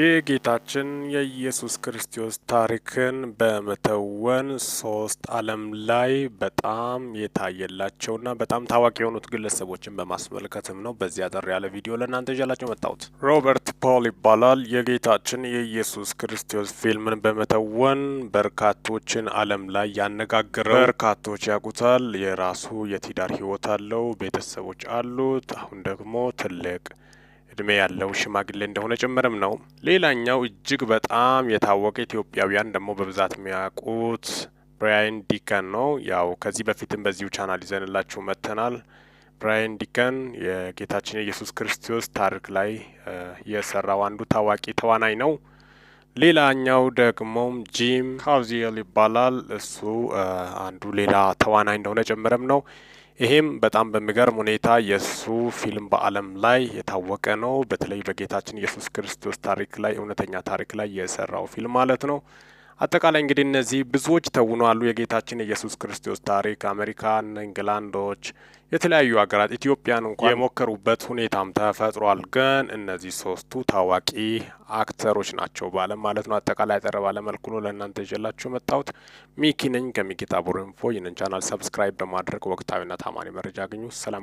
የጌታችን የኢየሱስ ክርስቶስ ታሪክን በመተወን ሶስት ዓለም ላይ በጣም የታየላቸውና በጣም ታዋቂ የሆኑት ግለሰቦችን በማስመልከትም ነው። በዚህ አጠር ያለ ቪዲዮ ለእናንተ ይዣላቸው መጣሁት። ሮበርት ፖል ይባላል። የጌታችን የኢየሱስ ክርስቶስ ፊልምን በመተወን በርካቶችን ዓለም ላይ ያነጋግረው፣ በርካቶች ያውቁታል። የራሱ የትዳር ህይወት አለው፣ ቤተሰቦች አሉት። አሁን ደግሞ ትልቅ እድሜ ያለው ሽማግሌ እንደሆነ ጭምርም ነው። ሌላኛው እጅግ በጣም የታወቀ ኢትዮጵያውያን ደግሞ በብዛት የሚያውቁት ብራያን ዲከን ነው። ያው ከዚህ በፊትም በዚሁ ቻናል ይዘንላችሁ መጥተናል። ብራያን ዲከን የጌታችን የኢየሱስ ክርስቶስ ታሪክ ላይ የሰራው አንዱ ታዋቂ ተዋናይ ነው። ሌላኛው ደግሞም ጂም ካውዚየል ይባላል። እሱ አንዱ ሌላ ተዋናኝ እንደሆነ ጭምርም ነው። ይሄም በጣም በሚገርም ሁኔታ የእሱ ፊልም በዓለም ላይ የታወቀ ነው። በተለይ በጌታችን ኢየሱስ ክርስቶስ ታሪክ ላይ እውነተኛ ታሪክ ላይ የሰራው ፊልም ማለት ነው። አጠቃላይ እንግዲህ እነዚህ ብዙዎች ተውነዋል የጌታችን ኢየሱስ ክርስቶስ ታሪክ አሜሪካን፣ እንግላንዶች፣ የተለያዩ ሀገራት ኢትዮጵያን እንኳን የሞከሩበት ሁኔታም ተፈጥሯል። ግን እነዚህ ሶስቱ ታዋቂ አክተሮች ናቸው በዓለም ማለት ነው። አጠቃላይ አጠር ባለ መልኩ ነው ለእናንተ ይዤላችሁ የመጣሁት። ሚኪ ነኝ ከሚኪታ ቡርንፎ። ይህንን ቻናል ሰብስክራይብ በማድረግ ወቅታዊና ታማኒ መረጃ አግኙ። ሰላም